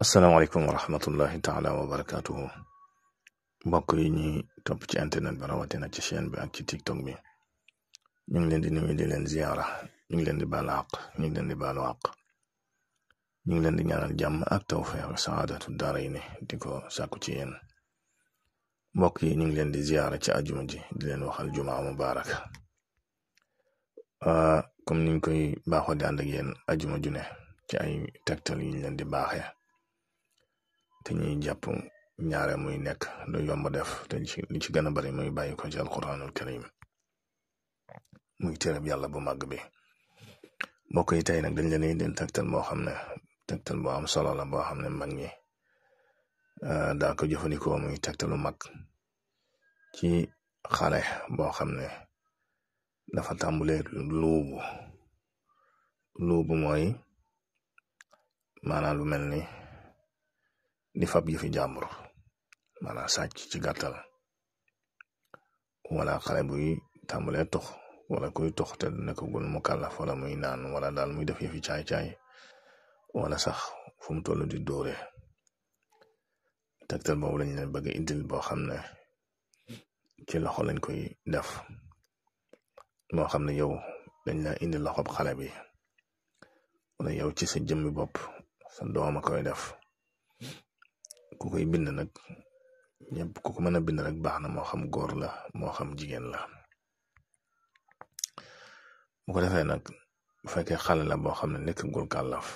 asalaamaaleykum wa rahmatullahi taala wa barakaatuhu mbokk yi ñuy topp ci internet ba rawatina ci chaîne bi ak ci tiktok bi ñu ngi leen di nuyu di leen ziyaara ñu ngi leen di baalu àq ñu ngi leen di baalu àq ñu ngi leen di ñaanal jàmm ak tawfeex ak saadatu daara yi ne di ko saku ci yen mbokk yi ñu ngi leen di ziyaara ci ajuma ji di leen waxal jumaa mubarak ah, comme niñ koy baaxoo di ànd ajuma ju ne ci ay tegtal yi ñu leen di baaxee te ñuy jàpp ñaare muy nekk lu yomb def te ci li ci gën a bari muy bàyyi ko ci alquranul karim muy bi yàlla bu màgg bi mbokk yi tey nag dañ leen di tegtal moo xam ne tegtal boo am solo la boo xam ne mag ñi euh, daa ko jëfandikoo muy tegtalu mag ci xale boo xam ne dafa tàmbulee luubu luubu mooy maanaam lu mel ni di fab yëfi jàmbur maanaam sàcc ci gàttal wala xale buy tàmbalee tox wala kuy tox te nekkagul mu kàllaf wala muy naan wala daal muy def yëfi caay-caay wala sax fu mu toll di dóore tegtal boobu lañ leen bëgg indil boo xam ne ci loxo lañ koy def moo xam ne yow dañ la indi loxob xale bi wala yow ci sa jëmmi bopp sa dooma koy def ku koy bind nag ñëpp ku ko mën a bind nag baax na moo xam góor la moo xam jigéen la bu ko defee nag bu fekkee xale la boo xam ne nekk nekkagul kàllaaf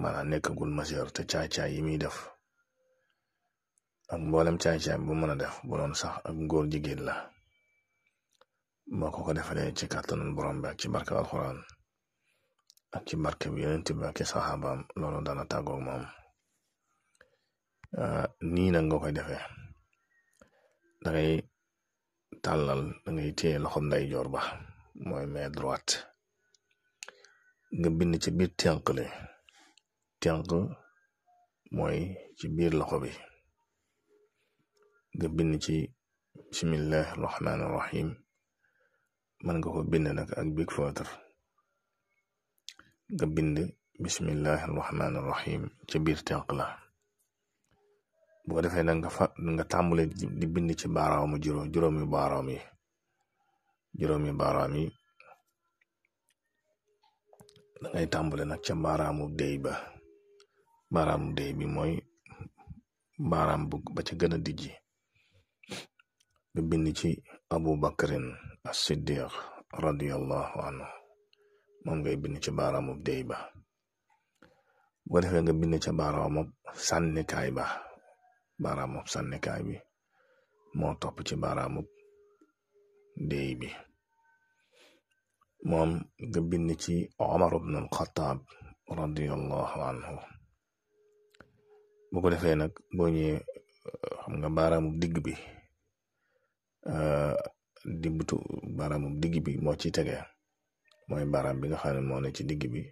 maanaam nekkagul masiyor te caay-caay yi muy def ak mboolem caay-caay bu mën a def bu doon sax ak góor jigéen la boo ko ko defalee ci kàttanu borom bi ak ci barke alxuraan ak ci barke bi yonent bi ak ci saxaabaam loolu dana tàggoog moom Ah, nii nag nga koy defee da ngay tàllal da ngay téye loxoom ndeyjoor ba mooy main droite nga bind ci biir tenq li tenq mooy ci biir loxo bi nga bind ci bisimilah rahmaani rahim mën nga ko bind nag ak big footar nga bind bisimilah rahmaani rahim ci biir tenq la. bu ko defee nag nga fa nga di bind ci baaraamu juróom juróomi baaraam yi juróomi yi da ngay tàmbale ca baaraamu déy ba baaraamu déy bi mooy baaraam bu ba ca gën a dijji nga bind ci abu bakrin as-siddiq radiyallahu anhu moom ngay bind ci baaraamu déy ba bu ko defee nga bind ca baaraamu sànnikaay ba baaraamub sànnikaay bi moo topp ci baaraamub déy bi moom nga bind ci Omar ibn al-Khattab radiyallahu anhu bu ko defee nag boo xam nga baaraamub digg bi euh, dibbutu baaraamub digg bi moo ci tege mooy baaraam bi nga xam ne moo ne ci digg bi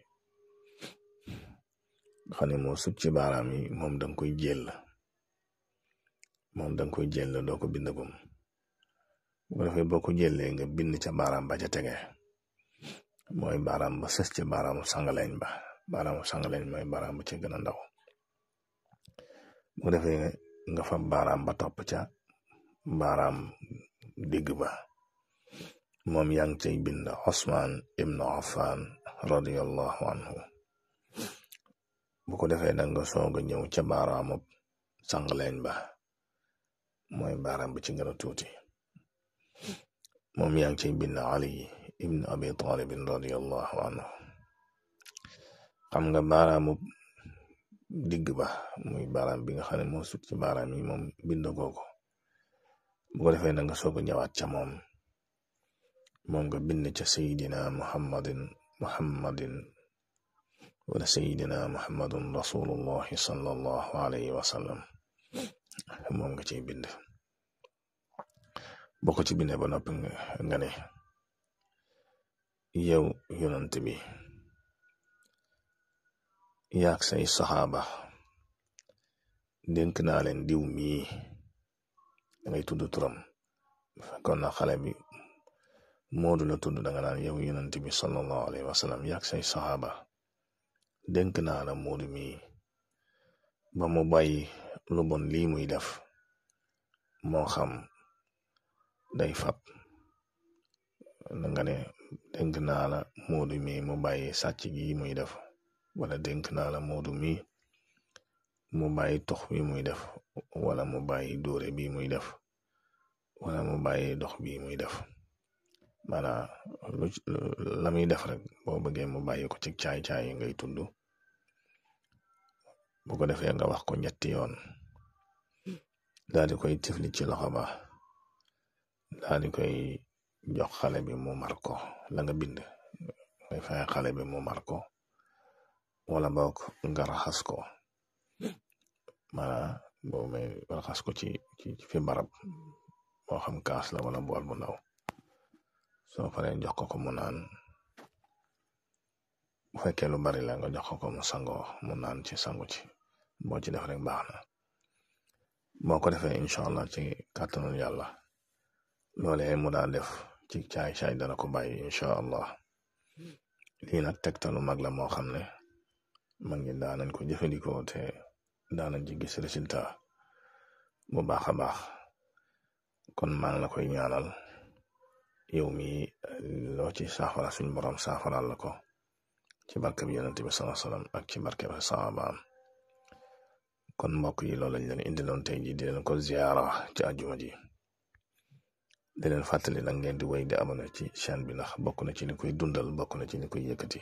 nga xam moo sut ci baaraam moom danga koy jël moom da nga koy jël doo ko bindagum bu ko defee boo ko jëlee nga bind ca baaraam ba ca tege mooy baaraam ba sës ca baaraamu sangaleñ ba baaraamu sangaleñ mooy baaraam ba ca gën a ndaw bu ko defee nga fa baaraam ba topp ca baaraam digg ba moom yaa ngi cay bind Osman ibnu Affan radiyallahu anhu bu ko defee da nga soog a ñëw ca baaraamu sangaleñ ba. mooy baaraam bi ci gën a tuuti moom yaa ngi ciy bind Ali ibn Abi Talib radiyallahu anhu xam nga baaraamu digg ba muy baaraam bi nga xam ne moo sut ci baaraam yi moom bindagoo ko bu ko defee na nga soog jawaat ca moom moom nga bind ca sayidina muhammadin muhammadin wala sayidina muhammadun rasulullahi sallallahu alayhi wa sallam moom nga ciy bind boo ko ci bindee ba noppi nga ne yow yonant bi yaag say saxaaba dénk naa leen diw mii da ngay tudd turam fekkoon na xale bi moodu la tudd da nga naan yow yonant bi sallallahu alayhi wa sallam yaag say saxaaba dénk naa la moodu mii ba mu lu bon lii muy def moo xam day fab na nga ne dénk naa la moodu mi mu bàyyi sàcc gi muy def wala dénk naa la moodu mi mu bàyyi tox bi muy def wala mu bàyyi dóore bi muy def wala mu bàyyi dox bi muy def maanaam lu muy def rek boo bëggee mu bàyyi ko ci caay-caay ngay tudd bu ko defee nga wax ko ñetti yoon daal di tifli ci loxo ba daal koy jox xale bi mu mar ko la bind ngay fexe xale bi mu mar ko wala boog nga raxas ko maanaam bo may raxas ko ci ci fi barab moo xam kaas la wala bool bu ndaw soo paree jox ko ko mu naan bu fekkee lu bari la jox ko ko mu sangoo mu naan ci sangu ci boo ci def rek baax na. boo ko defee incha allah ci kàttanul yàlla loolee mu daa def ci caay caay dana ko bàyyi incha allah lii nag tegtalu mag la moo xam ne mag ñi daan nañ ko jëfandikoo te daan nañ ci gis résultat bu baax a baax kon maa na koy ñaanal yow mi ci saafara suñ borom saafaral la ko ci barkeb yonent bi sallallahu alayhi wasallam ak ci barkeb saabaam kon mbokk yi loolu lañ leen indiloon tey jii di leen ko ziara ci àjjuma ji di leen fàttali nag ngeen di wéy di abonné ci chaîne bi ndax bokk na ci li koy dundal bokk na ci li koy yëkkati